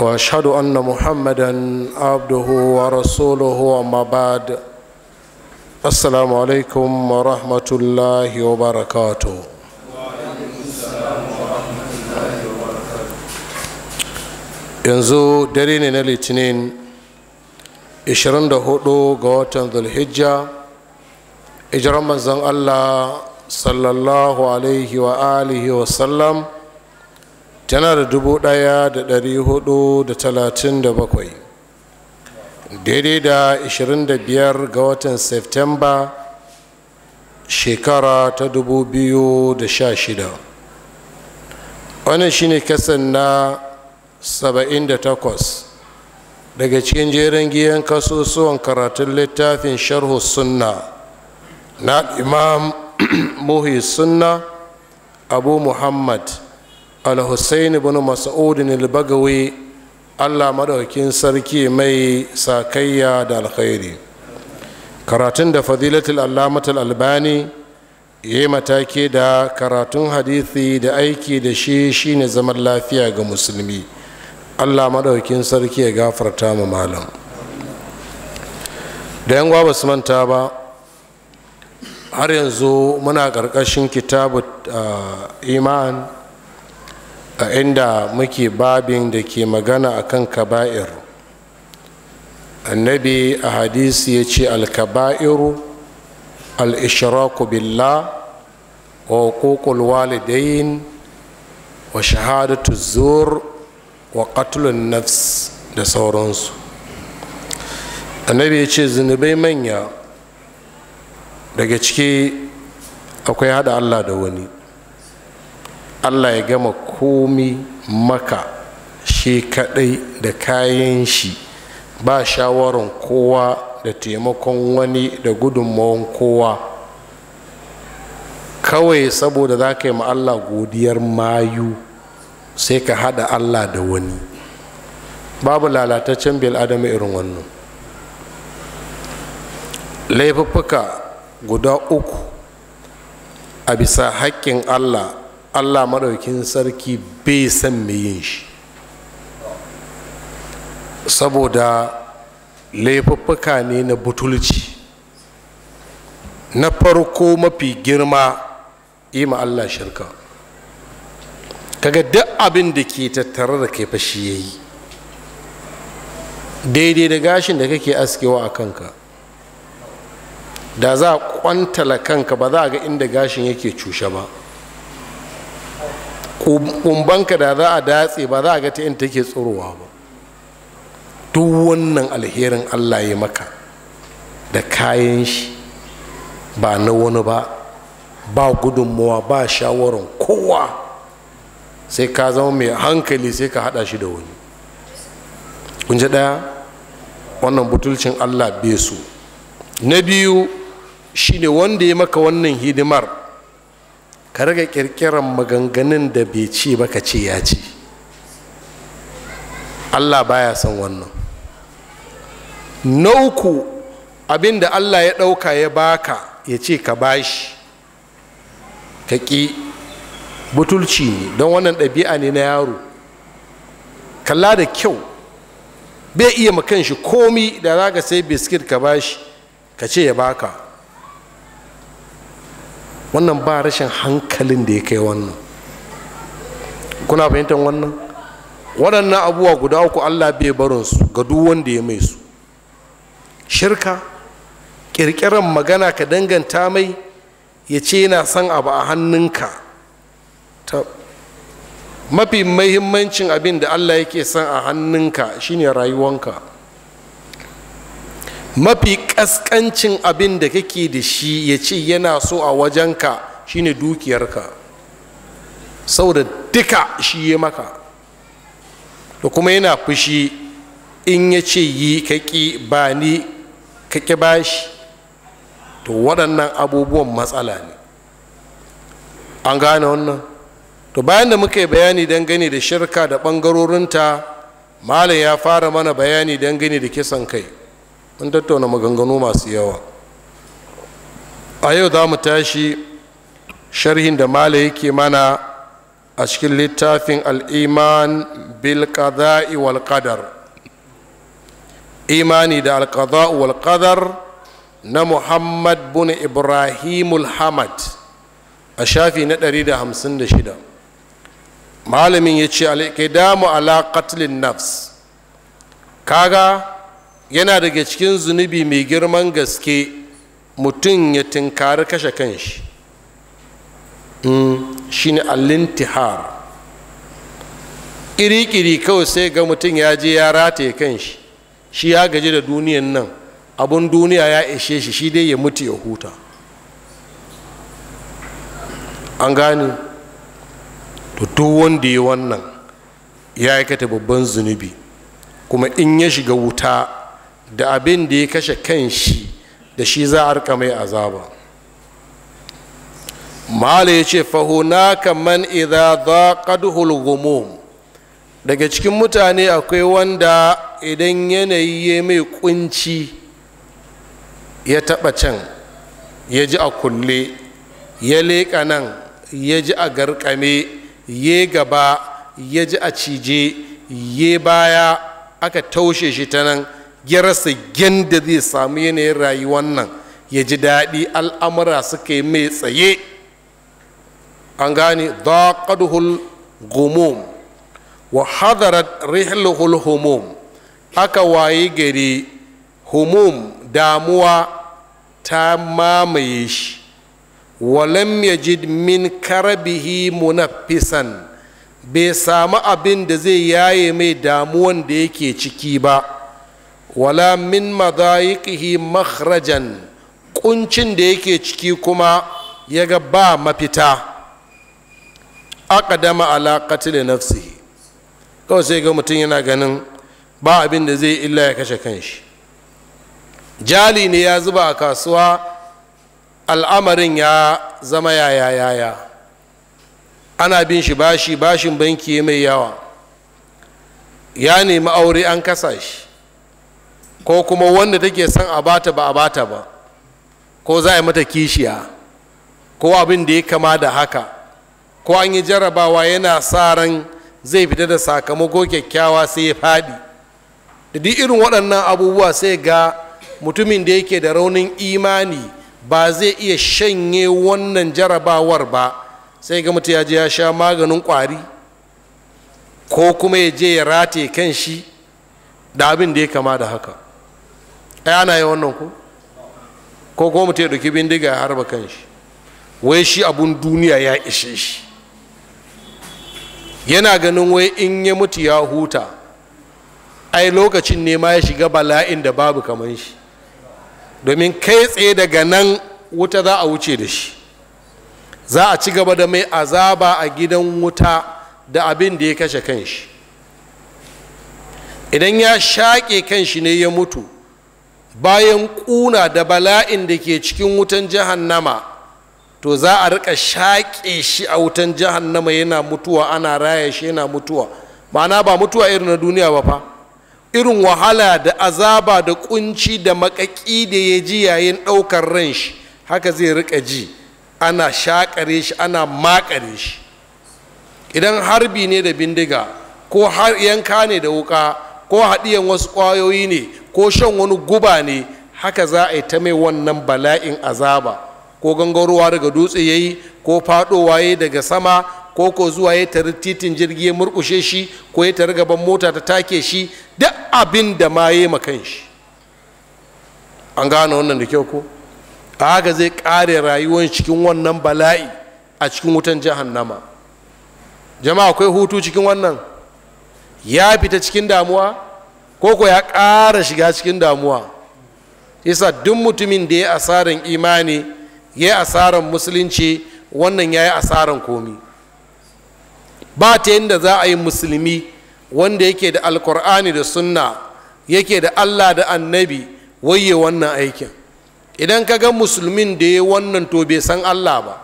واشهد ان محمدا عبده ورسوله اما بعد السلام عليكم ورحمه الله وبركاته yanzu dare ne na litinin 24 ga watan zulhijja ijiran manzon allah sallallahu alaihi wa alihi wa sallam tana da dubu ɗaya da ɗari hudu da talatin da bakwai daidai da da biyar ga watan septemba shekara ta dubu biyu da sha shida, wannan shine kasan na saba'in da takwas, daga cikin jerin giyan kasusuwan karatun littafin sharhu sunna na imam muhi sunna abu muhammad al bin ibn mas'ud al-bagawi Allah maɗaukin sarki mai sakayya da alkhairi karatun da fadilatul allamatul albani yayi matake da karatun hadisi da aiki da shi shine zaman lafiya ga musulmi Allah maɗaukin sarki ya gafarta mu malam da yan ba su manta ba har yanzu muna ƙarƙashin kitabu ah, iman a inda muke babin da ke magana akan kaba'ir annabi a hadisi ya ce alkaba'iru al'ishiraku billah wa hukukul walidain wa shahadatu zur wa qatlun nafs da sauransu annabi ya ce zunubai manya daga ciki akwai hada allah da wani allah ya gama komi maka shi kadai da kayan shi ba shawaran kowa da taimakon wani da gudunmawan kowa kawai saboda za ka yi ma allah godiyar mayu sai ka hada allah da wani babu lalataccen Adamu irin wannan laifuffuka guda uku a bisa haƙƙin allah allah maɗaukin sarki bai san mai yin shi saboda laifuffuka ne na butulci na farko mafi girma ima allah shirka kaga duk abin da ke tattare da kai fashi ya yi daidai da gashin da kake askewa a kanka da za a kwantala kanka ba za a ga inda gashin yake cushe ba kumbanka da za a datse ba za a ga ta yin take tsorowa ba duk wannan alherin allah ya maka da kayan shi ba na wani ba ba gudunmawa ba shawarar kowa sai ka zama mai hankali sai ka hada shi da wani kunji daya wannan butulcin allah bai su na biyu shine wanda ya maka wannan hidimar ka rage kirkiran maganganun da bai ce ba ka ce ya ce allah baya son wannan nauku uku abin da allah ya ɗauka ya baka ya ce ka bashi ka ƙi butulci ne don wannan ɗabi'a ne na yaro kalla da kyau bai iya makanshi shi komi da za ka sai biskit ka bashi ka ce ya baka wannan ba rashin hankalin da ya kai wannan kuna fahimtar wannan waɗannan abubuwa guda uku allah bai barinsu ga duk wanda ya mai su shirka ƙirƙirar magana ka danganta mai ya ce yana son abu a hannunka ta mafi mahimmancin abin da allah yake son a hannunka shine rayuwanka mafi ƙasƙancin abin da kake da shi ya ce yana so a wajenka shine dukiyarka saboda duka shi ya maka da kuma yana fushi in ya ce yi kaki ba ni kaki bashi to waɗannan abubuwan matsala ne an gane wannan to bayan da muka yi bayani dangane da shirka da ɓangarorinta malam ya fara mana bayani dangane da kisan kai mun tattauna maganganu masu yawa a yau za mu tashi sharhin da mala yake mana a cikin littafin al'iman bilkada'i walƙadar. imani da alƙada'u walƙadar na muhammad bin ibrahim hamad a shafi na 156 malamin ya ce damu ala qatlin nafs kaga yana daga cikin zunubi mai girman gaske mutum ya tinkari kashe kanshi mm, shi ne allintihar kiri-kiri kawai sai ga mutum ya je ya rataye kanshi shi ya gaji da duniyan nan abun duniya ya ishe shi shi dai ya mutu ya huta an gane duk wanda ya wannan ya aikata babban zunubi kuma in ya shiga wuta da abin da ya kashe kan shi da shi za a rika mai azaba mala ya ce fahunaka man idha dhaqadhul ghumum daga cikin mutane akwai wanda idan yanayi ya mai kunci ya taba can ya ji a kulle ya leƙa nan ya ji a garƙame, ya gaba ya ji a cije ya baya aka taushe shi ta nan ya rasa gyanda zai samu yanayin rayuwan nan ya ji daɗi al'amura suka yi mai tsaye an gane daƙadhul gumum wa hadarat rihlul humum aka waye gari humum damuwa ta mamaye shi walam yajid min karabihi munaffisan bai samu abin da zai yaye mai damuwan da yake ciki ba wala min madayiqihi makhrajan kuncin da yake ciki kuma ya ga ba mafita aqdama ala qatl nafsihi kawai sai ga mutum yana ganin ba abin da zai illa ya kashe kanshi jali ne ya zuba a kasuwa al'amarin ya zama yaya yaya ana bin shi bashi bashin banki mai yawa ya nemi aure an kasa shi ko kuma wanda take son a bata ba a bata ba ko za a mata kishiya ko abin da ya kama da haka ko an yi jarabawa yana sa ran zai fita da sakamako kyakkyawa sai ya faɗi da duk irin waɗannan abubuwa sai ga mutumin da yake da raunin imani ba zai iya shanye wannan jarabawar ba sai ga mutu ya je ya sha maganin ƙwari ko kuma ya je ya rataye kan shi da abin da ya kama da haka ai ana yi wannan ko ko kuma mutum ya ɗauki bindiga ya harba kanshi wai shi abun duniya ya ishe shi yana ganin wai in ya mutu ya huta ai lokacin nema ya shiga bala'in da babu kamar shi domin kai tsaye daga nan wuta za a wuce da shi za a ci gaba da mai azaba a gidan wuta da abin da ya kashe kan shi idan ya shaƙe kanshi ne ya mutu bayan ƙuna da bala'in da ke cikin wutan jahannama to za a rika shaƙe shi a wutan jahannama yana mutuwa ana raya shi yana mutuwa ma'ana ba mutuwa irin na duniya ba fa irin wahala da azaba da kunci da makaƙi da ya ji yayin ɗaukar ran shi haka zai riƙa ji ana shaƙare shi ana makare shi idan harbi ne da bindiga ko har yanka ne da wuƙa, ko haɗiyan wasu ƙwayoyi ne ko shan wani guba ne haka za a yi ta mai wannan bala'in azaba ko gangarowa daga dutse ya yi ko fadowa ya daga sama ko ko zuwa ya tari titin jirgi ya murkushe shi ko ya tari gaban mota ta take shi duk abin da ma ya yi makan shi an gane wannan da kyau ko a haka zai kare rayuwar cikin wannan bala'i a cikin wutan jahannama jama'a akwai hutu cikin wannan ya fita cikin damuwa koko ya ƙara shiga cikin damuwa isa duk mutumin da ya asarar imani ya yi asaran musulunci wannan ya yi asaran komi ba ta da za a yi musulmi wanda yake da alkur'ani da sunna yake da allah da annabi waye wannan aikin idan ka ga musulmin da ya wannan to bai san allah ba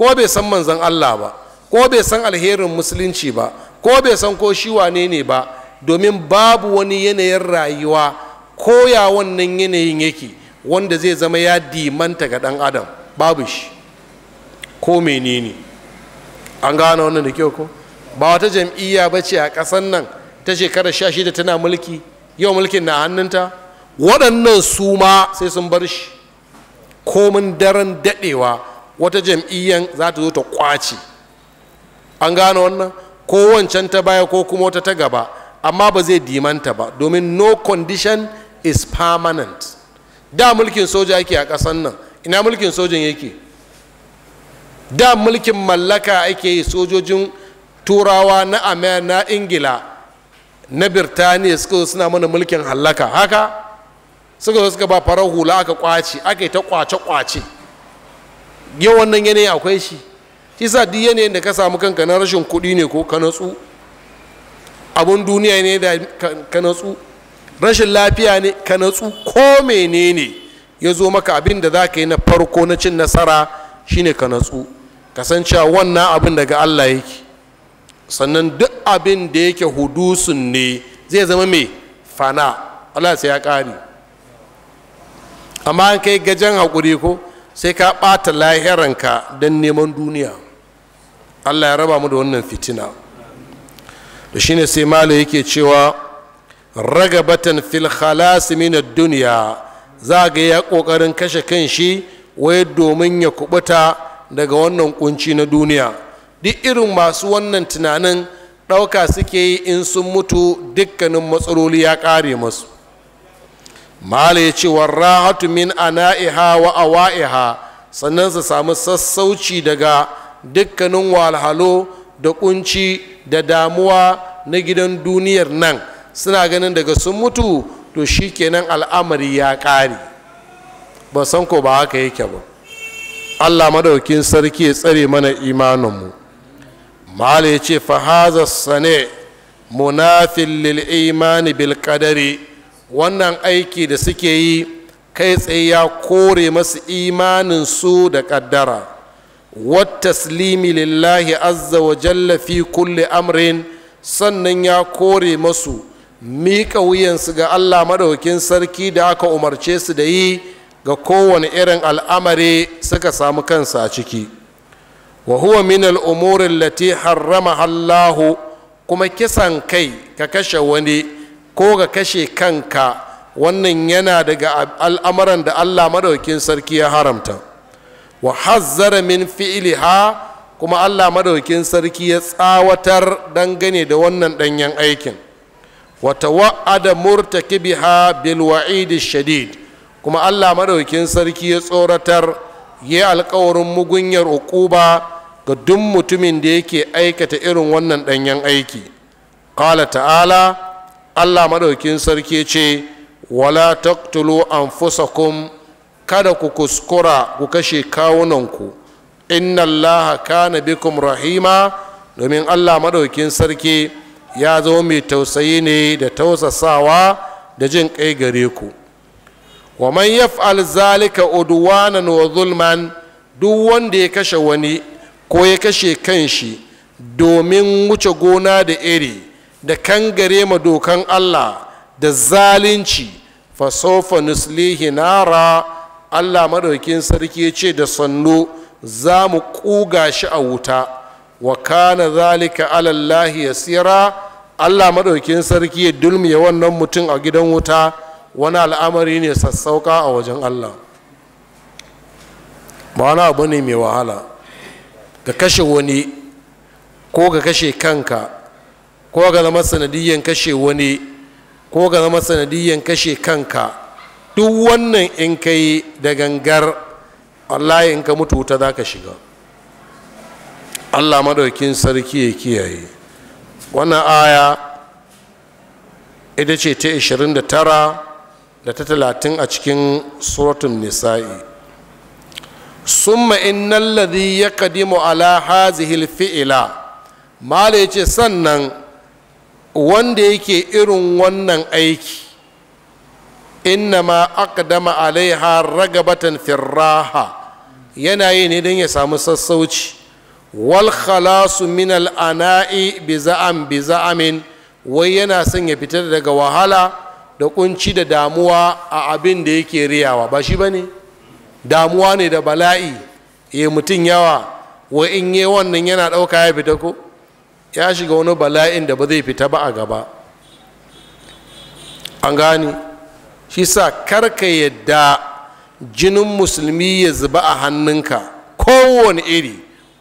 ko bai san manzan allah ba ko bai san alherin musulunci ba ko bai san ko shi wane ne ba domin babu wani yanayin rayuwa koya wannan yanayin yake wanda zai zama ya dimanta ga ɗan adam babu shi ko menene an gane wannan da kyau ko ba wata jam'iyya ba ce a ƙasar nan ta shekarar sha shida tana mulki yau mulkin na hannunta waɗannan su ma sai sun bar shi komin daren daɗewa wata jam'iyyan za ta zo ta kwace an gane wannan ko wancan ta baya ko kuma wata ta gaba amma ba zai dimanta ba domin no condition is permanent da mulkin soja yake a ƙasan nan ina mulkin sojan yake da mulkin mallaka ake yi sojojin turawa na amaya na ingila na birtaniya suka zo suna mana mulkin hallaka haka suka zo suka ba farar hula aka kwace aka yi ta kwace-kwace yau wannan yanayi akwai shi shi sa duk yanayin da ka samu kanka na rashin kuɗi ne ko ka natsu abun duniya ne da ka natsu rashin lafiya ne ka natsu ko menene ya zo maka abin da za ka yi na farko na cin nasara shine ka natsu kasancewa wannan abin daga allah yake sannan duk abin da yake hudusun ne zai zama mai fana allah sai ya kare amma an kai gajen haƙuri ko sai ka ɓata lahiranka don neman duniya allah ya raba mu da wannan fitina da shine sai malo yake cewa ragabatan fil khalasi min za ga ya kokarin kashe kan shi wai domin ya kubuta daga wannan kunci na duniya duk irin masu wannan tunanin ɗauka suke yi in sun mutu dukkanin matsaloli ya ƙare masu mala ya ce warrahatu min ana'iha wa awa'iha sannan su samu sassauci daga dukkanin walhalo da kunci da damuwa na gidan duniyar nan suna ganin daga sun mutu to shi kenan al'amari ya ƙare ba san ko ba haka yake ba allah madaukin sarki ya tsare mana imaninmu mala ya ce fahaza sane munafin lil imani bil kadari wannan aiki da suke yi kai tsaye ya kore masu imanin su da ƙaddara. wattaslimi lillahi azza wa jalla fi kulli amrin sannan ya kore masu miƙa wuyansu ga allah maɗaukin sarki da aka umarce su da yi ga kowane irin al'amari suka samu kansa a ciki wa huwa min al'umuri allati harrama allahu kuma kisan kai ka kashe wani ko ga kashe kanka wannan yana daga al'amuran da allah maɗaukin sarki ya haramta wa hazzara min fi'liha kuma Allah madaukin sarki ya tsawatar dangane da wannan danyen aikin wa tawa'ada murtakibiha bil wa'id shadid kuma Allah madaukin sarki ya tsoratar ya alkawarin mugunyar uquba ga duk mutumin da yake aikata irin wannan danyen aiki qala ta'ala Allah madaukin sarki ce wala taqtulu anfusakum kada ku kuskura ku kashe kawunanku inna allaha kana bikum rahima domin allah maɗaukin sarki ya zo mai tausayi ne da tausasawa da jin kai gare ku wa man yaf'al zalika udwanan wa zulman duk wanda ya kashe wani ko ya kashe kanshi domin wuce gona da iri da kangare ma dokan allah da zalunci sofa nuslihi nara allah maɗaukin sarki ya ce da sannu za mu ƙuga shi a wuta wa kana zalika alallahi ya tsira allah maɗaukin sarki ya dulmiya wannan mutum a gidan wuta wani al'amari ne sassauka a wajen allah ba wani abu ne mai wahala ka kashe wani ko ka kashe kanka ko ga zama sanadiyyan kashe wani ko ga zama sanadiyyan kashe kanka duk wannan in ka yi da gangar wallahi in ka mutu wuta za ka shiga allah madaukin sarki ya kiyaye wannan aya ita ce ta 29 da ta 30 a cikin suratun nisa'i summa innal ladhi yaqdimu ala hazihi alfi'la mala yace sannan wanda yake irin wannan aiki innama aqdama alaiha ragabatan firraha yana yi ne don ya samu sassauci wal khalasu min al bi za'am bi za'amin wai yana son ya fitar daga wahala da kunci da damuwa a abin da yake riyawa ba shi bane damuwa ne da bala'i ya mutum yawa wai in yi wannan yana ɗauka ya fita ko ya shiga wani bala'in da ba zai fita ba a gaba an gani shi sa karka yadda jinin musulmi ya zuba a hannunka kowane iri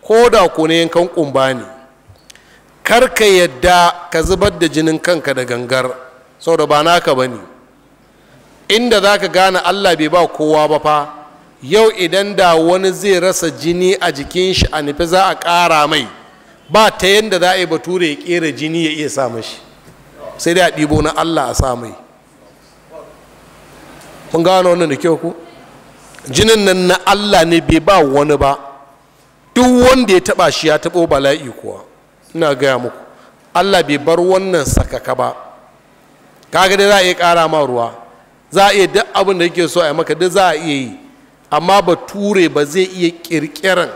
ko da ku ne yankan kumba ne karka yadda ka zubar da jinin kanka da gangar saboda ba naka ba ne inda za ka gane allah bai ba kowa ba fa yau idan da wani zai rasa jini a jikin shi a nufi za a ƙara mai ba ta yadda za a yi bature ya ƙera jini ya iya sa mashi sai dai a ɗibo na allah a sa mai kun gano wannan da kyau ku jinin nan na allah ne bai ba wani ba duk wanda ya taba shi ya tabo bala'i kuwa ina gaya muku allah bai bar wannan sakaka ba kaga da za a iya kara ma ruwa za a iya duk abin da yake so a yi maka duk za a iya yi amma ba ture ba zai iya kirkiran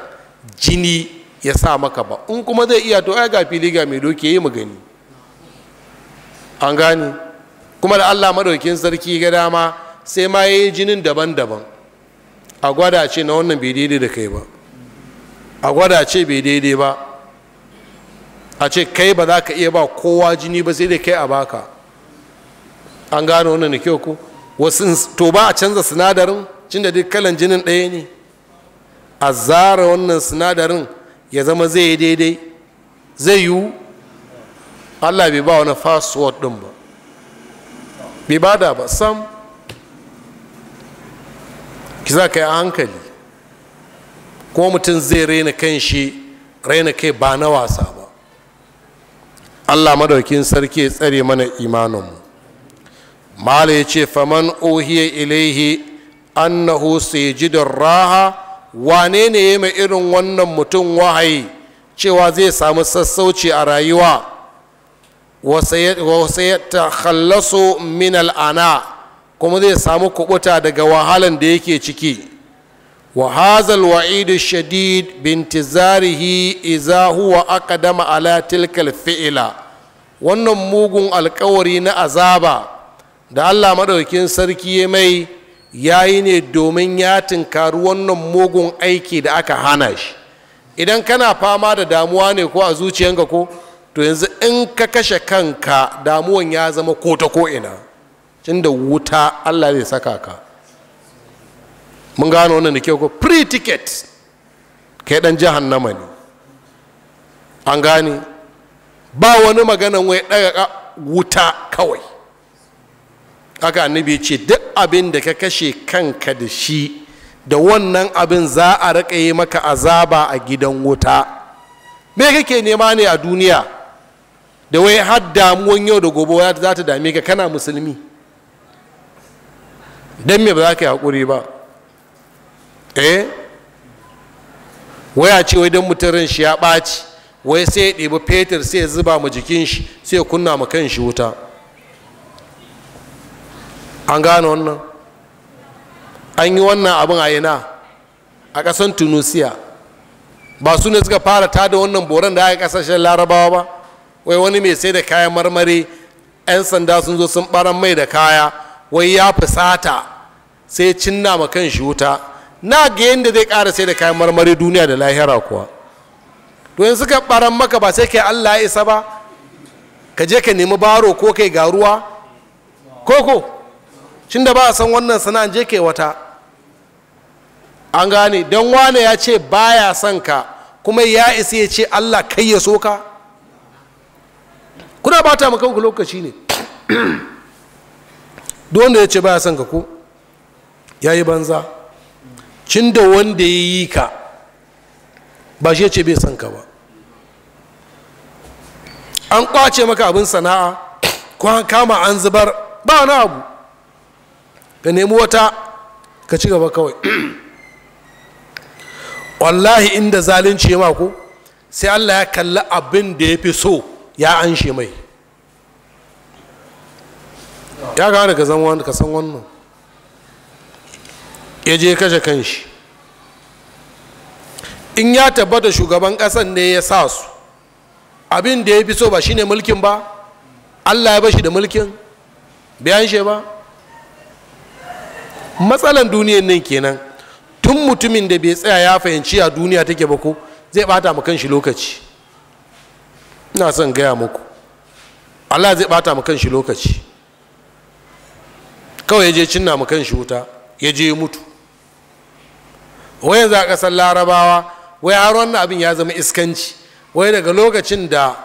jini ya sa maka ba in kuma zai iya to ai ga fili ga mai doki ya yi gani an gane kuma da allah madaukin sarki ga dama sai ma ya yi jinin daban-daban a gwada ce na wannan bai daidai da kai ba a gwada ce bai daidai ba a ce kai ba za ka iya ba kowa jini ba sai da kai a baka an gano wannan da kyau ko wasu to ba a canza sinadarin cin duk kalan jinin ɗaya ne a zara wannan sinadarin ya zama zai yi daidai zai yiwu allah bai ba wani fasuwar ɗin ba bai bada ba sam ki za ka yi hankali Ko mutum zai raina kan shi raina kai ba na wasa ba allah madaukin sarki ya tsare mana imaninmu mala ya ce faman ohiya ilaihi annahu don raha wane ne ya mai irin wannan mutum wahayi cewa zai samu sassauci a rayuwa wasu ya takhallasu min al'ana kuma zai samu kubuta daga wahalan da yake ciki wa hazal wa'idu shadid bintizarihi iza huwa aqdama ala tilkal fi'ila wannan mugun alkawari na azaba da Allah madaukin sarki ya mai yayi ne domin ya tinkari wannan mugun aiki da aka hana shi idan kana fama da damuwa ne ko a zuciyanka ko to yanzu in ka kashe kanka damuwan ya zama ko ta ko'ina. tunda wuta allah zai saka ka mun gano wannan da kyau ko free ticket kai dan jahannama ne an gane ba wani maganan wai daga wuta kawai haka annabi ce duk abin da ka kashe kanka da shi da wannan abin za a raka yi maka azaba a gidan wuta me kake nema ne a duniya da wai har damuwan yau da gobe za ta dame ka kana musulmi don me ba za ka yi haƙuri ba eh waya ce wai don mutum shi ya ɓaci wai sai ya ɗebi fetur sai ya zuba ma jikin shi sai ya kunna ma kan shi wuta an gane wannan an yi wannan abin a ina a ƙasan tunisia ba su ne suka fara ta da wannan boran da aka ƙasashen larabawa ba wai wani mai sai da kayan marmari 'yan sanda sun zo sun ɓaran mai da kaya wai ya fusata sai cinna ma kan shi wuta na ga yadda zai ƙara sai da kayan marmari duniya da lahira kuwa to yanzu ka ɓaran maka ba sai kai allah ya isa ba ka je ka nemi baro ko kai ga ruwa koko cin da ba a san wannan sana'an je kai wata an gane don wane ya ce baya son ka kuma ya isa ya ce allah kai ya so ka kuna bata maka lokaci ne duk wanda ya ce baya son ka ko ya yi banza cin da wanda ya yi ka ba shi ya ce bai son ka ba an kwace maka abin sana'a ko an kama an zubar ba na abu ka nemi wata ka ci gaba kawai wallahi inda zalunci ya mako sai allah ya kalli abin da ya fi so ya anshe mai ya gane ka zama ka san wannan ya je kashe kanshi in ya tabbata shugaban ƙasan ne ya sa su abin da ya fi so ba shi ne mulkin ba allah ya bashi da mulkin bayan shi ba matsalan duniyan nan kenan tun mutumin da bai tsaya ya fahimci a duniya take ba ko zai bata ma kanshi lokaci ina son gaya muku allah zai bata kanshi lokaci kawai ya je cinna mu kan shi wuta ya je ya mutu wai za a ƙasar larabawa wai har wannan abin ya zama iskanci wai daga lokacin da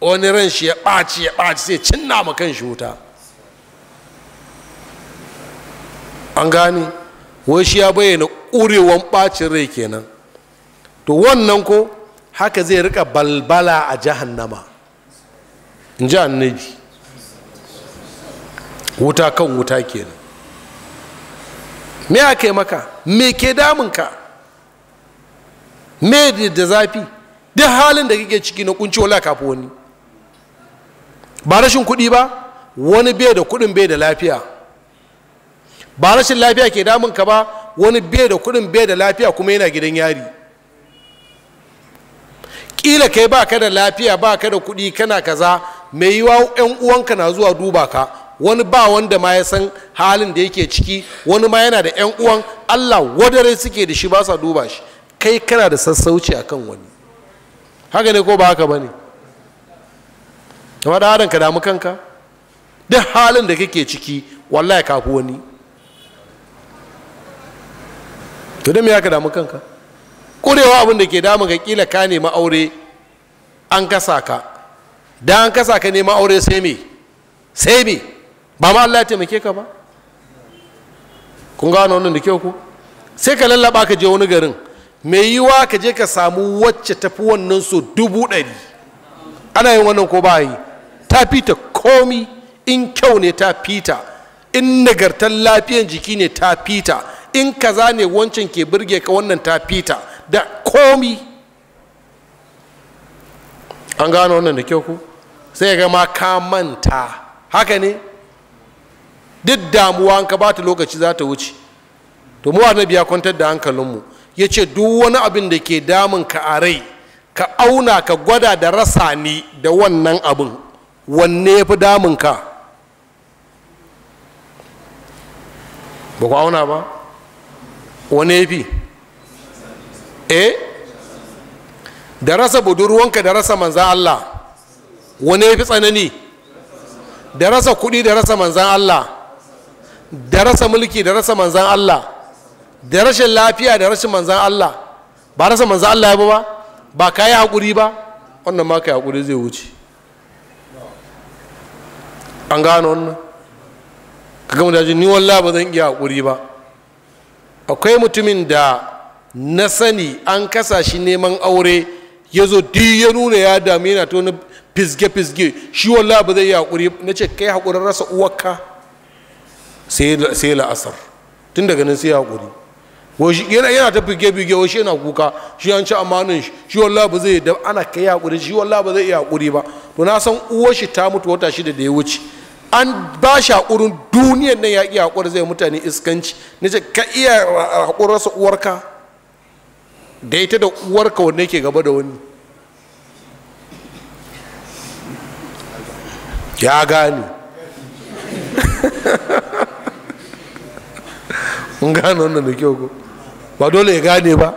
wani ran shi ya ɓaci ya ɓaci sai cinna mu kan shi wuta an gane wai shi ya bayyana ƙurewan ɓacin rai kenan to wannan ko haka zai rika balbala a jahannama in ji annabi wuta kan wuta kenan me aka yi maka me ke damunka me da zafi duk halin da kake ciki na kunci wala kafi wani ba rashin kuɗi ba wani bai da kuɗin bai da lafiya ba rashin lafiya ke damunka ba wani bai da kuɗin bai da lafiya kuma yana gidan yari ƙila kai ba ka da lafiya ba ka da kuɗi kana kaza mai yiwa 'yan uwanka na zuwa duba ka wani ba wanda ma ya san halin da yake ciki wani ma yana da 'yan uwan allah wadare suke da shi ba sa duba shi kai kana da sassauci a kan wani haka ne ko ba haka ba ne kamar da adam ka damu kanka duk halin da kake ciki wallahi kafi wani to da me ya ka damu kanka kurewa abin da ke damu ka kila ka nema aure an kasa ka da an kasa ka nema aure sai me sai me ba ma Allah ya taimake ka ba kun gano wannan da kyau ku sai ka lallaba ka je wani garin mai yiwa ka je ka samu wacce tafi wannan so dubu ɗari ana yin wannan ko ba yi ta fita komi in kyau ne ta fita in nagartar lafiyan jiki ne ta fita in kaza ne wancan ke birge ka wannan ta fita da komi an gano wannan da kyau ku sai ga ma ka manta haka ne duk damuwa an ka ba ta lokaci za ta wuce to mu annabi ya kwantar da hankalinmu ya ce duk wani abin da ke damun ka a rai ka auna ka gwada da rasa ni da wannan abin wanne ya fi damun ka ba ku auna ba wane ya fi eh da rasa budurwanka da rasa manzan Allah wane ya fi tsanani da rasa kuɗi da rasa manzan Allah da rasa mulki da rasa manzan Allah da rashin lafiya da rashin manzan Allah ba rasa manzan Allah ba ba ka yi haƙuri ba wannan ma ka yi haƙuri zai wuce an gano wannan ka gama da ni wallah ba zan iya haƙuri ba akwai mutumin da na sani an kasa shi neman aure ya zo di ya nuna ya dami yana ta wani fisge-fisge shi wallah ba zai yi haƙuri na ce kai haƙurin rasa uwarka sai la'asar tun daga nan sai haƙuri yana ta fige fige shi yana kuka shi an ci amanin shi shi ba zai da ana kai haƙuri shi wallah ba zai iya haƙuri ba to na san uwar shi ta mutu wata shida da ya wuce an ba shi haƙurin duniyar nan ya iya haƙuri zai mutane iskanci na ce ka iya haƙurin rasa uwarka da ita da uwarka wanda yake gaba da wani ya gane mun gane wannan da kyau ko ba dole ya gane ba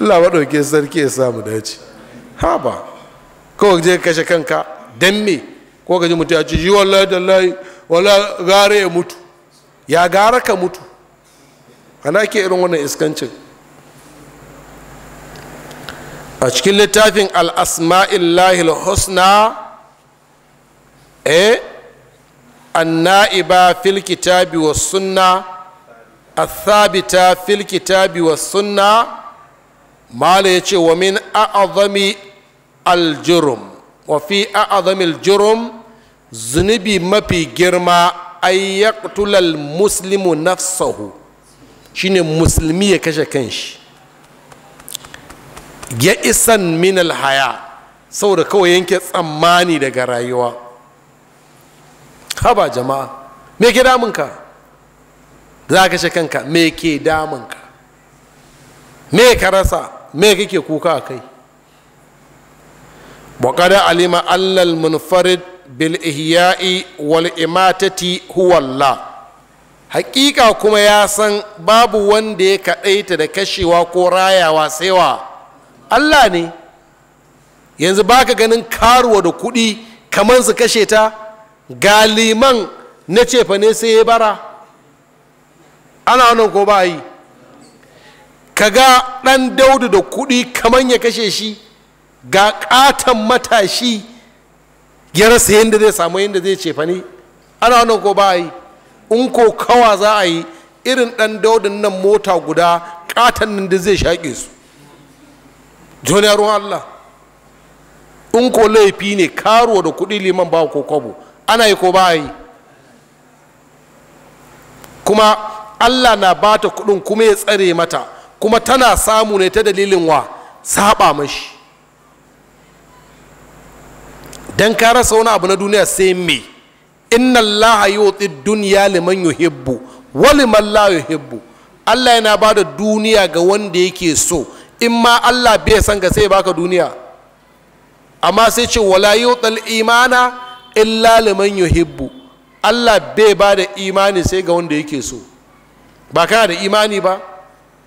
allah ɗauke sarki ya samu dace ha ba kawai je kashe kanka dan me ko ka ji mutu ya ce yi wallahi tallahi wala gare ya mutu ya gara ka mutu ana ke irin wannan iskancin a cikin littafin al'asma'illahi husna eh anna'iba fil kitabi was sunna athabita fil kitabi was sunna mala yace wa min a'zami al jurum wa fi a'zami al jurum zunubi mafi girma ay yaqtul al muslimu nafsahu shine musulmi ya kashe kanshi ya isan min al haya saboda kawai yanke tsammani daga rayuwa ka ba jama'a me ke ka? za ka kanka me ke ka? me ka rasa me kake kuka a kai buƙada alima allal munfarid bil ihya'i wal imatati huwa Allah haƙiƙa kuma ya san babu wanda ya kaɗaita da kashewa ko rayawa saiwa Allah ne yanzu ba ka ganin karuwa da kuɗi kamar su kashe ta galiman na cefa ne sai ya bara ana wannan ko ba yi Ka ga ɗan daudu da kuɗi kamar ya kashe shi ga ƙaton matashi ya rasa yadda zai samu yadda zai cefa ne ana wannan ko ba yi in ko kawa za a yi irin ɗan daudu nan mota guda ƙaton nan da zai shaƙe su joniyar ruwan allah in ko laifi ne karuwa da kuɗi liman ba ko kwabo ana yi ko ba yi kuma allah na ba ta kudin kuma ya tsare mata kuma tana samu ne ta dalilin wa saba mashi don ka rasa wani abu na duniya sai me inna allaha yuti duniya liman yuhibbu wani la yuhibbu allah yana ba da duniya ga wanda yake so in ma allah bai san ga sai baka duniya amma sai ce wala yutal imana illa liman yuhibbu Allah bai ba da imani sai ga wanda yake so ba kana da imani ba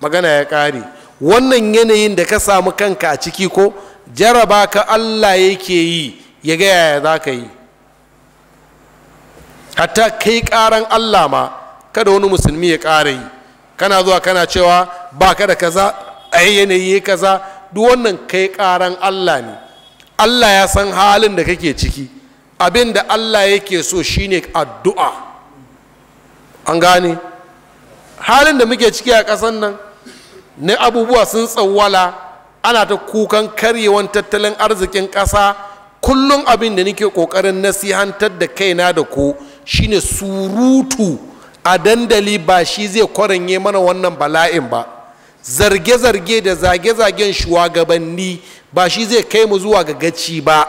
magana ya ƙare wannan yanayin da ka samu kanka a ciki ko jaraba ka Allah yake yi ya ga yaya za ka yi hatta kai ƙaran Allah ma kada wani musulmi ya ƙara yi kana zuwa kana cewa ba ka da kaza a yanayi kaza duk wannan kai ƙaran Allah ne Allah ya san halin da kake ciki abin da allah yake so shine addu'a an gane halin da muke ciki a ƙasan nan na abubuwa sun tsawwala ana ta kukan karyewan tattalin arzikin ƙasa kullum abin da nake ƙoƙarin nasihantar da kaina da ku shine surutu a dandali ba shi zai kwaranye mana wannan bala'in ba zarge-zarge da zage-zagen shugabanni ba shi zai kai mu zuwa ga gaci ba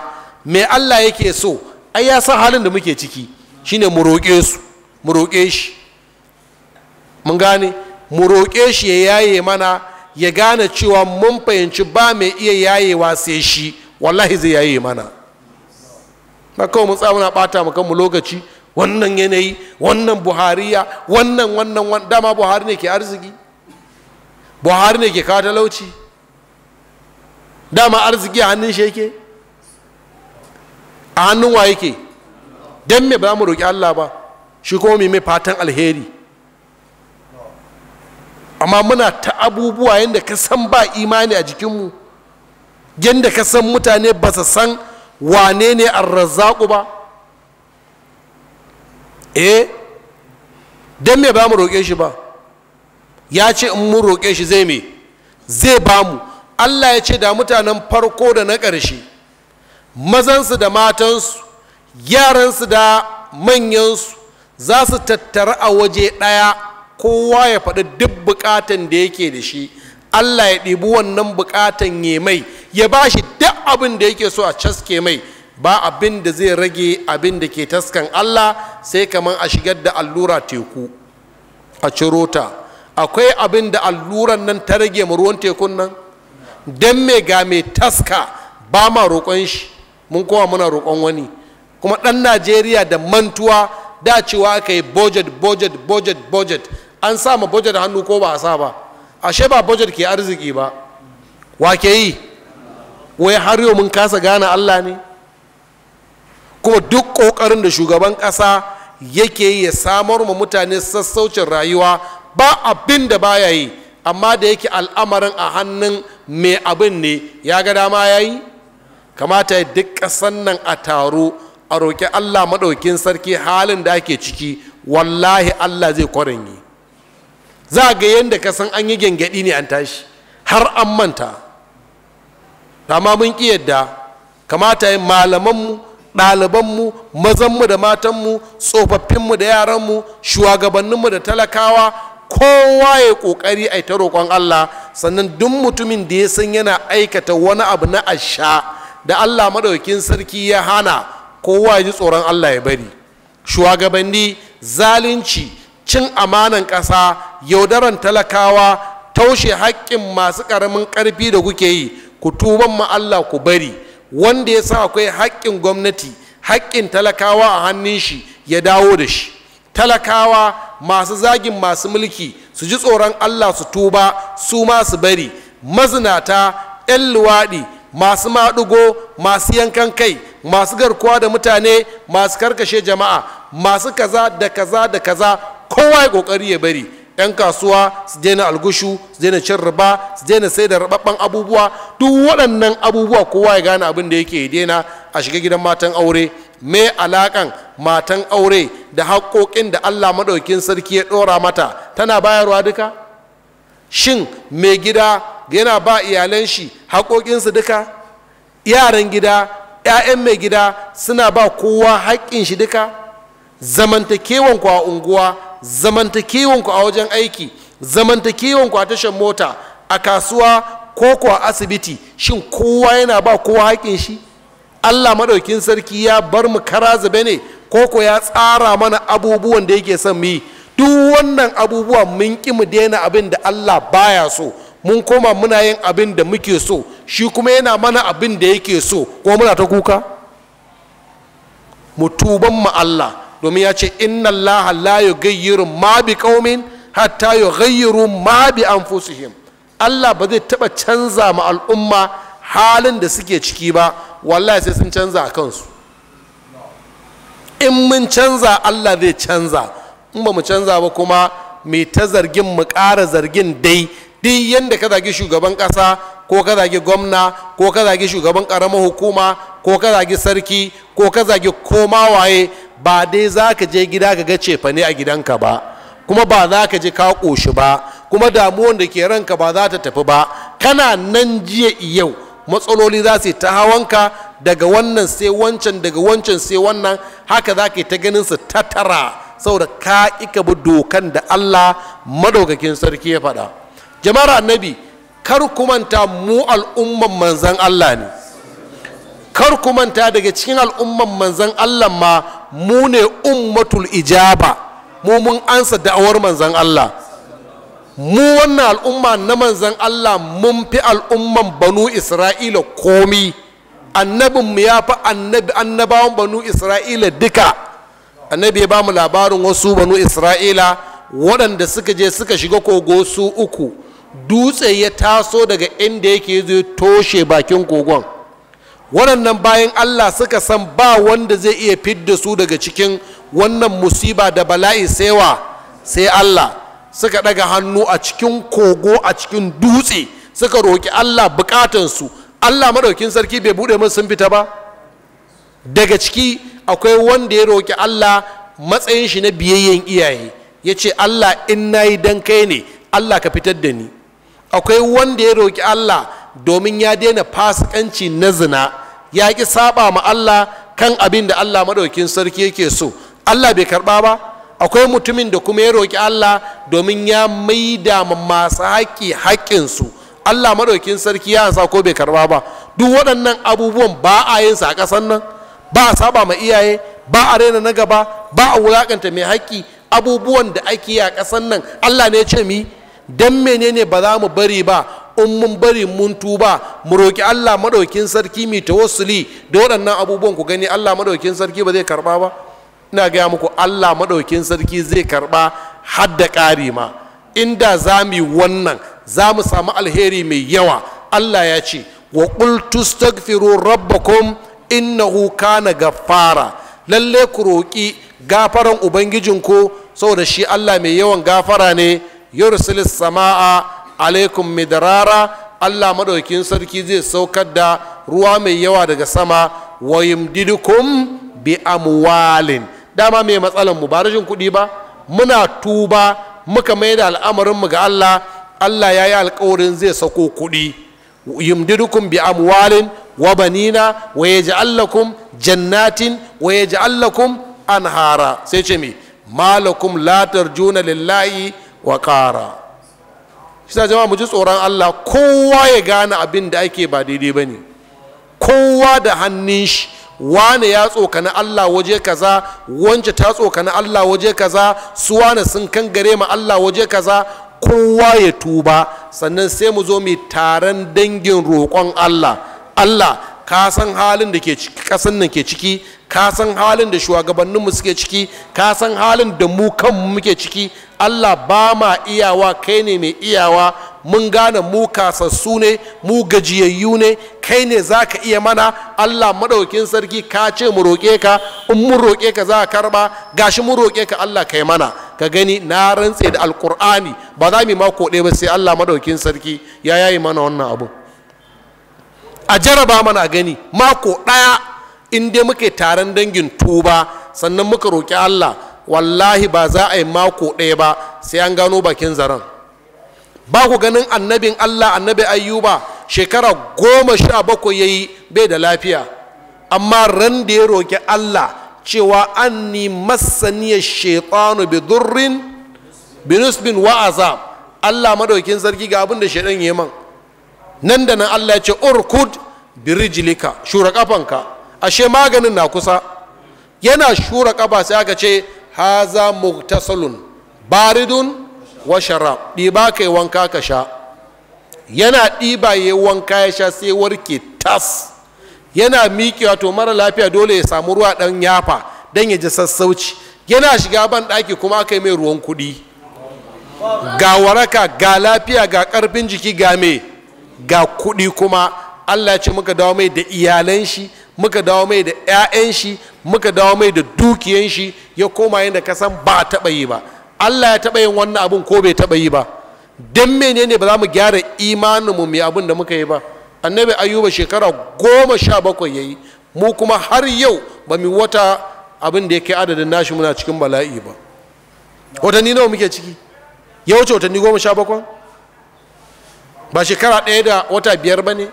me allah yake so ai ya san halin da muke ciki shine mu roƙe su mu roƙe shi mun gane mu roƙe shi ya yaye mana ya gane cewa mun fahimci ba mai iya yayewa sai shi wallahi zai yaye mana ba kawai mun tsamuna ɓata mu kanmu lokaci wannan yanayi wannan buhariya wannan wannan dama buhari ne ke arziki buhari ne ke kawo talauci dama arziki a hannun shi yake a hannun wa yake don me ba mu roƙi allah ba shi kuma mai fatan alheri amma muna ta abubuwa yadda ka san ba imani a jikinmu yadda ka san mutane ba su san wane ne arrazzaku ba eh don me ba mu roƙe shi ba ya ce in mu roƙe shi zai me zai ba mu allah ya ce da mutanen farko da na ƙarshe mazansu da matansu yaransu da manyansu za su tattara a waje ɗaya kowa ya faɗi duk buƙatan da yake da shi allah ya ɗibi wannan buƙatan ya mai ya ba shi duk abin da yake so a caske mai ba abin da zai rage abin da ke taskan allah sai kamar a shigar da allura teku a ciro ta akwai abin da alluran nan ta rage mu ruwan tekun nan don me ga mai taska ba ma roƙon shi mun kowa muna roƙon wani kuma ɗan najeriya da mantuwa da cewa aka yi budget budget budget budget an sa ma budget hannu ko ba a sa ba ashe ba budget ke arziki ba wa ke yi wai har yau mun kasa gane allah ne kuma duk ƙoƙarin da shugaban ƙasa yake yi ya samar ma mutane sassaucin rayuwa ba abin da baya yi amma da yake al'amarin a hannun mai abin ne ya ga dama ya yi kamata ya duk ƙasan nan a taro a roƙi allah maɗaukin sarki halin da ake ciki wallahi allah zai kwaranyi za ga yadda ka san an yi gyangyaɗi ne an tashi har an manta amma mun ƙi yadda kamata yin malamanmu ɗalibanmu mazanmu da matanmu tsofaffinmu da yaranmu shugabanninmu da talakawa kowa ya ƙoƙari a ta roƙon allah sannan duk mutumin da ya san yana aikata wani abu na asha da allah maɗaukin sarki ya hana kowa ya ji tsoron allah ya bari shugabanni zalunci cin amanan ƙasa yaudaran talakawa taushe haƙƙin masu ƙaramin ƙarfi da kuke yi ku tuba ma allah ku bari wanda ya sa akwai haƙƙin gwamnati haƙƙin talakawa a hannun shi ya dawo da shi talakawa masu zagin masu mulki su ji tsoron allah su tuba su ma su bari mazinata 'yan luwaɗi masu maɗugo masu yankan kai masu garkuwa da mutane masu karkashe jama'a masu kaza da kaza da kaza kowa ya ƙoƙari ya bari yan kasuwa su daina algushu su daina cin riba su daina sai da rababban abubuwa duk waɗannan abubuwa kowa ya gane abin da yake daina a shiga gidan matan aure me alaƙan matan aure da haƙoƙin da allah maɗaukin sarki ya ɗora mata tana bayarwa duka shin mai gida yana ba iyalan shi haƙoƙinsu duka yaran gida 'ya'yan mai gida suna ba kowa haƙƙin shi duka zamantakewanku a unguwa zamantakewanku a wajen aiki zamantakewanku a tashar mota a kasuwa ko a asibiti shin kowa yana ba kowa haƙƙin shi allah maɗaukin sarki ya bar mu kara zabe ne ko ya tsara mana abubuwan da yake son mu yi duk wannan abubuwa mun ƙi mu daina abin da allah baya so mun koma muna yin abin da muke so shi kuma yana mana abin da yake so ko muna ta kuka mutuban mu Allah domin ya ce inna Allah la yughayyiru ma bi qaumin hatta yughayyiru ma bi anfusihim Allah ba zai taba canza ma al'umma halin da suke ciki ba wallahi sai sun canza a kansu in mun canza Allah zai canza in ba mu canza ba kuma mai ta zargin mu ƙara zargin dai duk yadda ka zagi shugaban ƙasa ko ka zagi gwamna ko ka zagi shugaban ƙaramar hukuma ko ka zagi sarki ko ka zagi koma waye ba dai za ka je gida ka ga cefa ne a gidanka ba kuma ba za ka je ka ƙoshi ba kuma damuwan da ke ranka ba za ta tafi ba kana nan jiya yau matsaloli za su yi ta hawanka daga wannan sai wancan daga wancan sai wannan haka za ka yi ta ganin su ta tara saboda ka ika bi dokan da allah madaukakin sarki ya faɗa jama'ar annabi kar ku manta mu al'umman manzan allah ne kar ku manta daga cikin al'umman manzan allah ma mu ne ummatul ijaba mu mun ansa da'awar manzan allah mu wannan al'umma na manzan allah mun fi al'umman banu isra'ila komi annabinmu ya fi annabawan banu isra'ila duka annabi ya ba mu labarin wasu banu isra'ila waɗanda suka je suka shiga kogo su uku dutse ya taso daga inda yake zai toshe bakin kogon waɗannan bayan allah suka san ba wanda zai iya fidda su daga cikin wannan musiba da bala'i saiwa sai allah suka ɗaga hannu a cikin kogo a cikin dutse suka roƙi allah bukatansu allah maɗaukin sarki bai buɗe mun sun fita ba daga ciki akwai wanda ya roƙi Allah matsayin shi na biyayyen iyaye ya ce Allah in na yi dan kai ne Allah ka fitar da ni akwai wanda ya roƙi Allah domin ya daina fasikanci na zina ya ƙi saba ma Allah kan abin da Allah maɗaukin sarki yake so Allah bai karɓa ba akwai mutumin da kuma ya roƙi Allah domin ya maida masu haƙƙi haƙƙinsu Allah maɗaukin sarki ya sa ko bai karɓa ba duk waɗannan abubuwan ba a yinsa a ƙasar nan ba a saba ma iyaye ba a raina na gaba ba a wulakanta mai haƙƙi abubuwan da ake yi a ƙasar nan allah ne ya ce mi dan menene ba za mu bari ba in mun bari mun tuba mu roƙi allah maɗaukin sarki mai tawassuli da waɗannan abubuwan ku gani allah maɗaukin sarki ba zai karɓa ba ina gaya muku allah maɗaukin sarki zai karɓa har da ƙari ma inda za mu yi wannan za mu samu alheri mai yawa allah ya ce wa qul tastaghfiru rabbakum innahu kana gaffara lalle ku roƙi gafaran ubangijinku saboda shi allah mai yawan gafara ne yursil sama'a alaikum midrara allah maɗaukin sarki zai saukar da ruwa mai yawa daga sama wa yumdidukum bi amwalin dama mai matsalan mu ba rashin kuɗi ba muna tuba muka mai da mu ga allah allah yayi yi alkawarin zai sako kuɗi yumdidukum bi amwalin wa banina wa yaj'al lakum jannatin wa yaj'al lakum anhara sai ce mi malakum la tarjuna lillahi wa qara shi jama'a mu ji tsoron Allah kowa ya gane abin da ake ba daidai bane kowa da hannun shi wane ya tsokani Allah waje kaza wance ta tsokani Allah waje kaza su wane sun kangare ma Allah waje kaza kowa ya tuba sannan sai mu zo mu taron dangin roƙon Allah Allah ka san halin da ke kasan nan ke ciki ka san halin da shugabanninmu suke ciki ka san halin da mu kanmu muke ciki allah ba ma iyawa kai ne mai iyawa mun gane mu kasassu ne mu gajiyayyu ne kai ne za ka iya mana allah maɗaukin sarki ka ce mu roƙe ka in mu roƙe ka za ka karɓa gashi mu roƙe ka allah kai mana ka gani na rantse da alƙur'ani ba za mu yi mako ɗaya ba sai allah maɗaukin sarki ya yayi mana wannan abun. a jaraba mana gani mako ɗaya in dai muke taron dangin tuba sannan muka roƙi allah wallahi ba za a yi mako ɗaya ba sai an gano bakin zaren ba ku ganin annabin allah annabi ayyuba shekara goma sha bakwai ya yi bai da lafiya amma ran da ya roƙi allah cewa an ni masaniyar shaitanu bi durrin bin wa'aza allah madaukin zargi ga abin da shaidan ya man nan da nan allah ya ce urkud birijilika shura kafanka ashe maganin na kusa yana shura kafa sai aka ce haza muktasalun baridun wa sharab ɗiba kai wanka ka sha yana ɗiba ya wanka ya sha sai warke tas yana miƙe wato mara lafiya dole ya samu ruwa ɗan yafa dan ya ji sassauci yana shiga ban daki kuma aka yi mai ruwan kudi ga waraka ga lafiya ga karfin jiki ga me ga kuɗi kuma allah ya ce muka dawo mai da iyalan shi muka dawo mai da 'ya'yan shi muka dawo mai da dukiyan shi ya koma yadda ka san ba taɓa yi ba allah ya taɓa yin wannan abun ko bai taɓa yi ba don menene ba za mu gyara imaninmu mai abin da muka yi ba annabi ayuba shekara goma sha bakwai ya yi mu kuma har yau ba mu wata abin da yake adadin nashi muna cikin bala'i ba watanni nawa muke ciki ya wuce watanni goma sha bakwai ba shekara ɗaya da wata biyar ba ne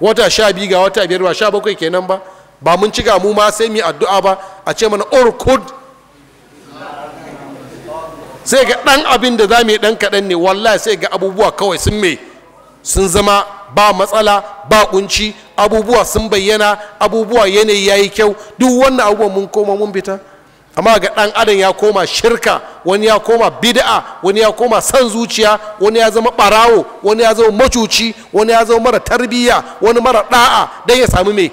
wata sha biyu ga wata biyar ba sha bakwai kenan ba ba mun ci mu ma sai mu addu'a ba a ce mana orkud sai ga ɗan abin da za mu yi ɗan kaɗan ne wallahi sai ga abubuwa kawai sun me sun zama ba matsala ba kunci abubuwa sun bayyana abubuwa yanayi ya yi kyau duk wannan abubuwan mun koma mun fita amma ga ɗan adam ya koma shirka wani ya koma bid'a wani ya koma san zuciya wani ya zama ɓarawo wani ya zama macuci wani ya zama mara tarbiyya wani mara ɗa'a don ya samu me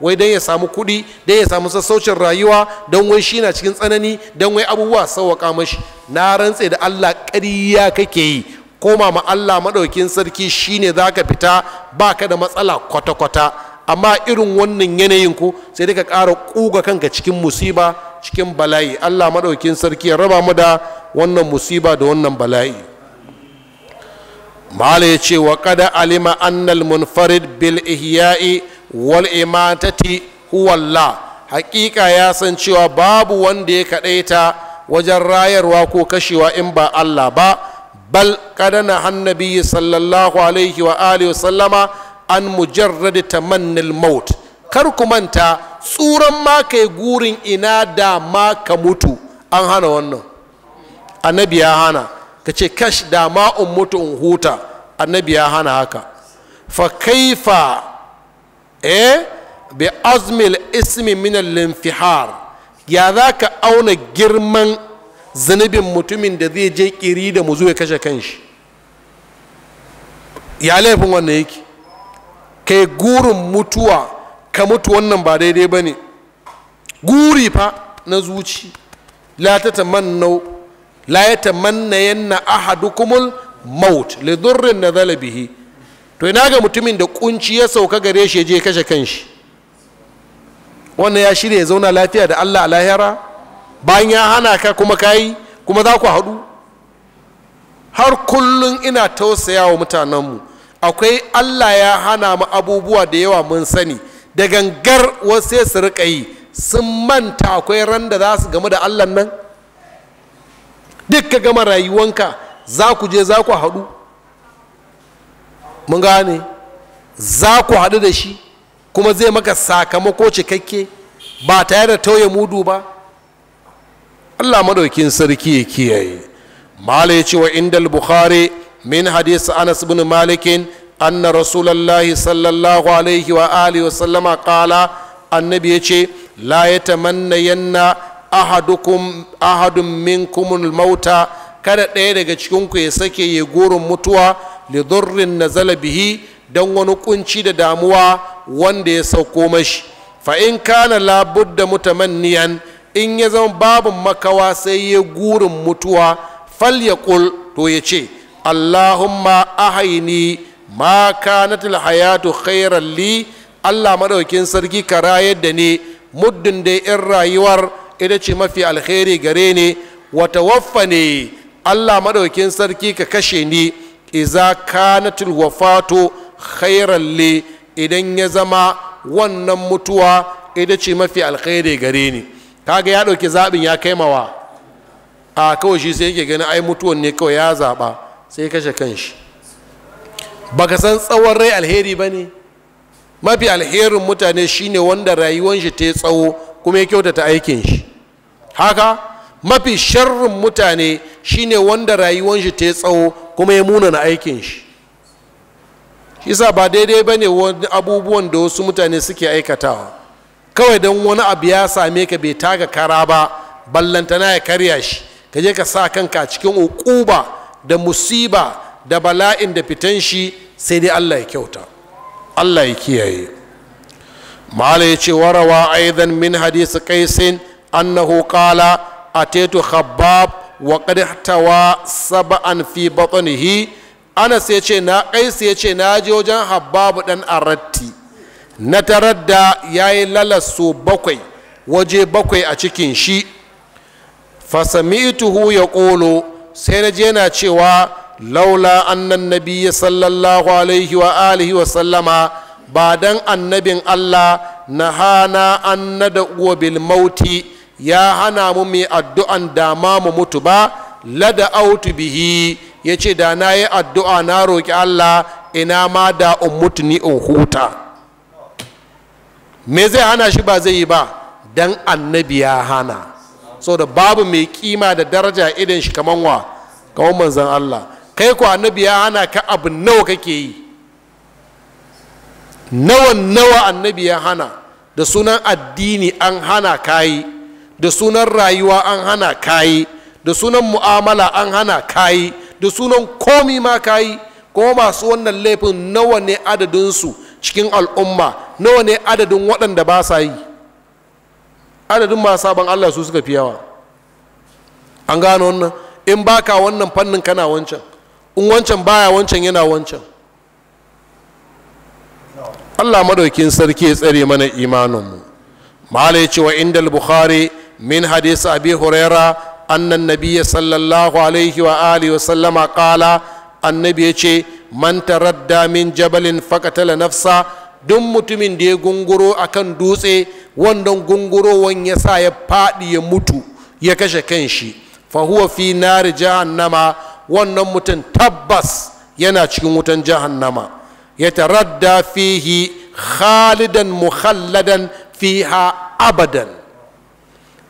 wai don ya samu kuɗi don ya samu sassaucin rayuwa don wai shi na cikin tsanani don wai abubuwa sauwaƙa mashi na rantse da allah ƙarya kake yi koma ma allah maɗaukin sarki shine za ka fita ba ka da matsala kwata-kwata amma irin wannan yanayin ku sai dai ka ƙara ƙuga kanka cikin musiba cikin bala'i allah maɗaukin sarki ya raba mu da wannan musiba da wannan bala'i mala ya ce wa kada alima annal munfarid bil ihya'i wal imatati huwallah haƙiƙa ya san cewa babu wanda ya kaɗaita wajen rayarwa ko kashewa in ba allah ba bal kadana hannabi sallallahu alaihi wa alihi wa sallama an mujarrad tamannil maut kar ku manta tsuran ma kai gurin ina da ma ka mutu an hana wannan annabi ya hana ka ce kash da ma in mutu in huta annabi ya hana haka fa kaifa eh bi azmil ismi min al ya za ka auna girman zunubin mutumin da zai je kiri da mu zuwa kashe kanshi ya laifin wannan yake kai gurin mutuwa ka mutu wannan ba daidai ba ne guri fa na zuci la ta manna la ya tamanna yanna ahadukumul maut li durrin bihi to ina ga mutumin da kunci ya sauka gare shi je kashe kanshi wannan ya shirya ya zauna lafiya da Allah a lahira bayan ya hana ka kuma kayi kuma za ku haɗu har kullum ina tausaya wa mu. akwai allah ya hana mu abubuwa da yawa mun sani da gangar wasu sai su riƙa yi sun manta akwai ran da za su gamu da allah nan duk ka gama rayuwanka za ku je za ku haɗu mun gane za ku haɗu da shi kuma zai maka sakamako cikakke ba tare da tauye mudu ba allah madaukin sarki ya kiyaye mala ya cewa indal bukhari min hadisi anas bin malikin anna rasulallahi sallallahu alaihi wa alihi wasallama kala annabi ya ce la ya tamanna yanna ahadukum ahadun mauta kada ɗaya daga cikinku ya sake ya gurin mutuwa lidurrin na bihi don wani kunci da damuwa wanda ya sauko mashi fa in kana labudda mutamanniyan in ya zama babu makawa sai ya gurin mutuwa fal ya to ya ce allahumma ahaini ma kanatul hayatu khairan li Allah madaukin sarki ka rayar da ni muddin da in rayuwar ita ce mafi alheri gare ni waffa ne Allah madaukin sarki ka kashe ni iza kanatul wafatu khairan li idan ya zama wannan mutuwa ita ce mafi alheri gare ni kaga ya ɗauki zaɓin ya kai mawa a kawai shi sai yake gani ai mutuwan ne kawai ya zaɓa sai kashe kanshi Ba ka san tsawon rai alheri ba ne mafi alherin mutane shine wanda rayuwan shi ta tsawo kuma ya kyautata aikin shi haka mafi sharrin mutane shine wanda rayuwan shi ta tsawo kuma ya munana aikin shi shi ba daidai ba ne abubuwan da wasu mutane suke aikatawa kawai don wani abu ya same ka bai taga kara ba ballantana ya karya shi ka je ka sa kanka cikin ukuba da musiba da bala'in da fitan shi sai dai allah ya kyauta allah ya kiyaye mala ya ce warawa aidan min hadisi kaisin annahu qala atetu khabbab wa qad tawa sab'an fi batnihi anas ya ce na kais ya ce na je wajen habbab dan aratti na tarar da yayi lalaso bakwai waje bakwai a cikin shi fasami'tuhu ya ƙolo sai na je na cewa laula annan nabiyyi sallallahu alaihi wa alihi wa sallama ba dan annabin Allah na hana an nada uwa bil mauti ya hana mu mai addu'an dama mu mutu ba lada autu bihi ya ce da na yi addu'a na roƙi Allah ina ma da in mutu ni in huta me zai hana shi ba zai yi ba dan annabi ya hana so da babu mai kima da daraja idan shi kaman wa kaman manzon Allah kai ku annabi ya hana ka abu nawa kake yi nawa nawa annabi ya hana da sunan addini an hana kayi da sunan rayuwa an hana kayi da sunan mu'amala an hana kayi da sunan komi ma kayi kuma masu wannan laifin nawa ne adadinsu cikin al'umma nawa ne adadin waɗanda ba sa yi adadin masu sabon allah su suka fi yawa an gano wannan in baka wannan fannin kana wancan in wancan baya wancan yana wancan allah madaukin sarki ya tsare mana imaninmu malai cewa inda bukhari min hadisi abi huraira annan nabiya sallallahu alaihi wa alihi wasallama kala annabi ya ce man taradda min jabalin fakatala nafsa duk mutumin da ya gunguro akan dutse wannan gungurowan ya sa ya faɗi ya mutu ya kashe kanshi fa huwa fi nari jahannama wannan mutum tabbas yana cikin wutan jahannama ya taradda fihi khalidan muhalladan fiha abadan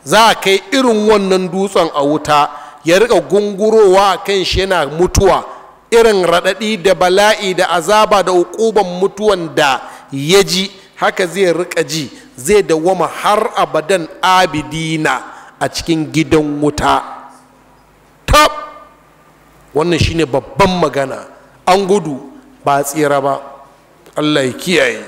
za a kai irin wannan dutsen a wuta ya rika gungurowa a kan shi yana mutuwa irin raɗaɗi da bala'i da azaba da ukuban mutuwan da ya ji haka zai rika ji zai dawwama har abadan abidina a cikin gidan wuta tab wannan shine babban magana an gudu ba tsira ba allah ya kiyaye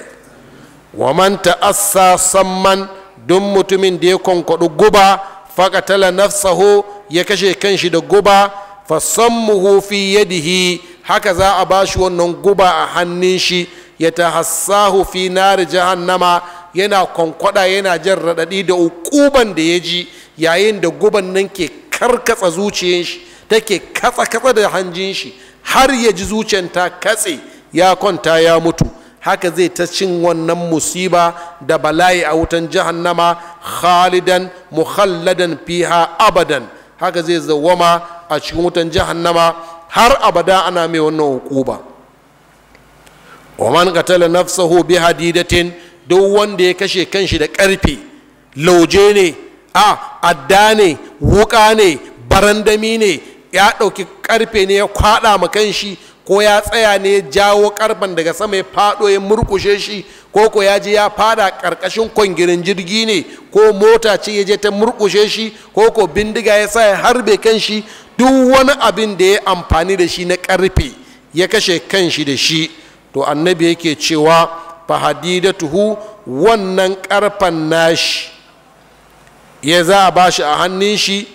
wa man ta'assa samman don mutumin da ya kwankwaɗi guba faƙatala nafsaho ya kashe kanshi da guba fa sammuhu fi yadihi haka za a bashi wannan guba a hannun shi ya tahassahu fi nari jahannama yana kwankwada yana jin raɗaɗi da ukuban da ya ji yayin da guban nan ke karkatsa zuciyar shi take katsa-katsa da hanjin shi har ya ji zuciyanta katse ya kwanta ya mutu haka zai ta cin wannan musiba da bala'i a wutan jahannama khalidan mukhalladan fiha abadan haka zai zawama a cikin wutan jahannama har abada ana mai wannan hukuba wa man qatala nafsahu bi hadidatin duk wanda ya kashe kanshi da karfe lauje ne a adda ne wuka ne barandami ne ya ɗauki ƙarfe ne ya kwaɗa ma kan shi ko ya tsaya ne ya jawo ƙarfen daga sama ya faɗo ya murkushe shi ko ko ya je ya fada ƙarƙashin kwangirin jirgi ne ko mota ce ya je ta murkushe shi ko ko bindiga ya sa ya harbe kan shi duk wani abin da ya amfani da shi na ƙarfe ya kashe kan shi da shi to annabi yake cewa fahadidatuhu wannan ƙarfen nashi ya za a bashi a hannun shi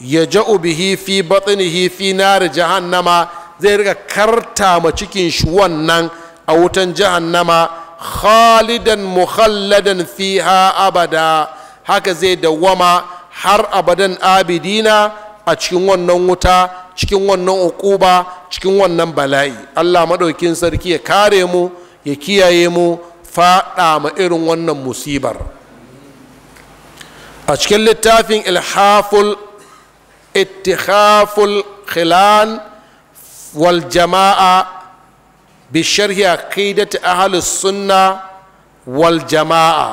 ya ja'u bihi fi batnihi fi nari jahannama zai riga karta ma cikin shi wannan a wutan jahannama khalidan mukhalladan fiha abada haka zai dawwama har abadan abidina a cikin wannan wuta cikin wannan uquba cikin wannan bala'i allah maɗaukin sarki ya kare mu ya kiyaye mu faɗa ma irin wannan musibar a cikin littafin ilhaful ittikhaful khilal wal jama'a bi sharhi aqidati ahli sunna wal jama'a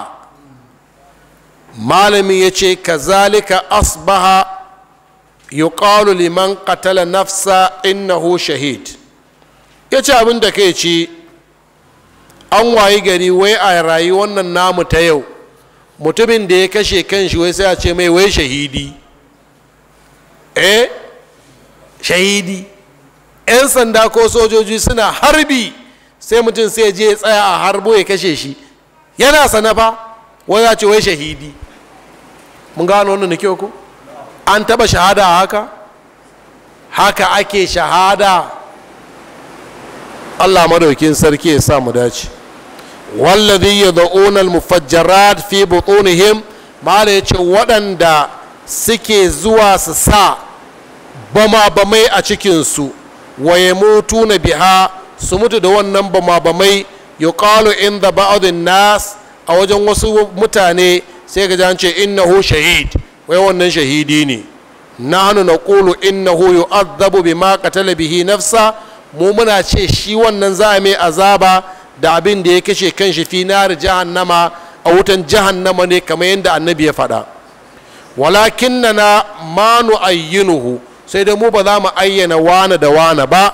malami yace kazalika asbaha yuqalu liman qatala nafsa innahu shahid yace abin da kai ci an wayi gari wai a rayuwar nan namu ta yau mutumin da ya kashe kanshi wai sai ce mai wai shahidi eh shahidi 'yan sanda ko sojoji suna harbi sai mutum sai je tsaya a harbo ya kashe shi yana sana fa wai ce wai shahidi mun gano wani da kyau ko an taba shahada haka haka ake shahada allah madaukin sarki ya sa mu dace wallazi yad'una al-mufajjarat fi butunihim mala yace waɗanda suke zuwa su sa bama-bamai a cikinsu waye mutu na biha su mutu da wannan bama-bamai in inda ba'adun nas a wajen wasu mutane sai ga jance hu shahid wai wannan shahidi ne na na hu yi innahu bi ma ka bihi nafsa mu muna ce shi wannan za a mai azaba da abin da ya kashe kanshi fi nar jahannama a wutan jahannama ne kamar yadda annabi ya faɗa walakin na na manu ayyinuhu sai dai mu ba za mu ayyana wana da wana ba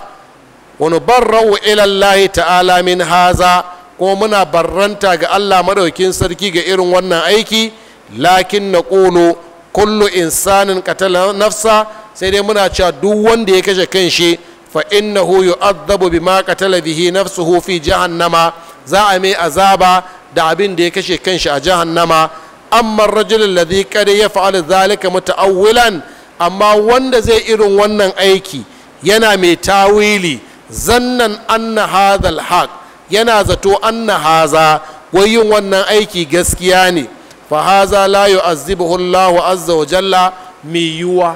wani barra'u ilallahi ta'ala min haza kuma muna barranta ga allah maɗaukin sarki ga irin wannan aiki lakin na ƙolo kullu insanin katala nafsa sai dai muna cewa duk wanda ya kashe kanshi fa innahu yu'adhabu bima qatala bihi nafsuhu fi jahannama za a mai azaba da abin da ya kashe kanshi a jahannama amma rajul alladhi ya yaf'alu zalika muta'awwilan amma wanda zai irin wannan aiki yana mai tawili zannan anna hadhal haq yana zato anna haza wai yin wannan aiki gaskiya ne fa haza la yu'azzibuhu Allahu azza wa jalla mai yuwa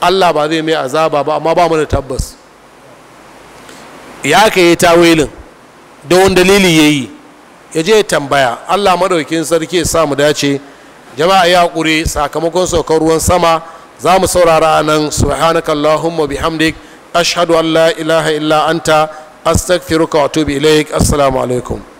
Allah ba zai mai azaba ba amma ba mu da tabbas ya kai tawilin da wani dalili ya yi ya je tambaya allah maɗaukin sarki ya sa mu dace jama'a ya haƙuri sakamakon saukar ruwan sama za mu saurara a nan subhanaka allahumma bihamdik ashhadu an la ilaha illa anta astaghfiruka wa atubu ilaik assalamu alaikum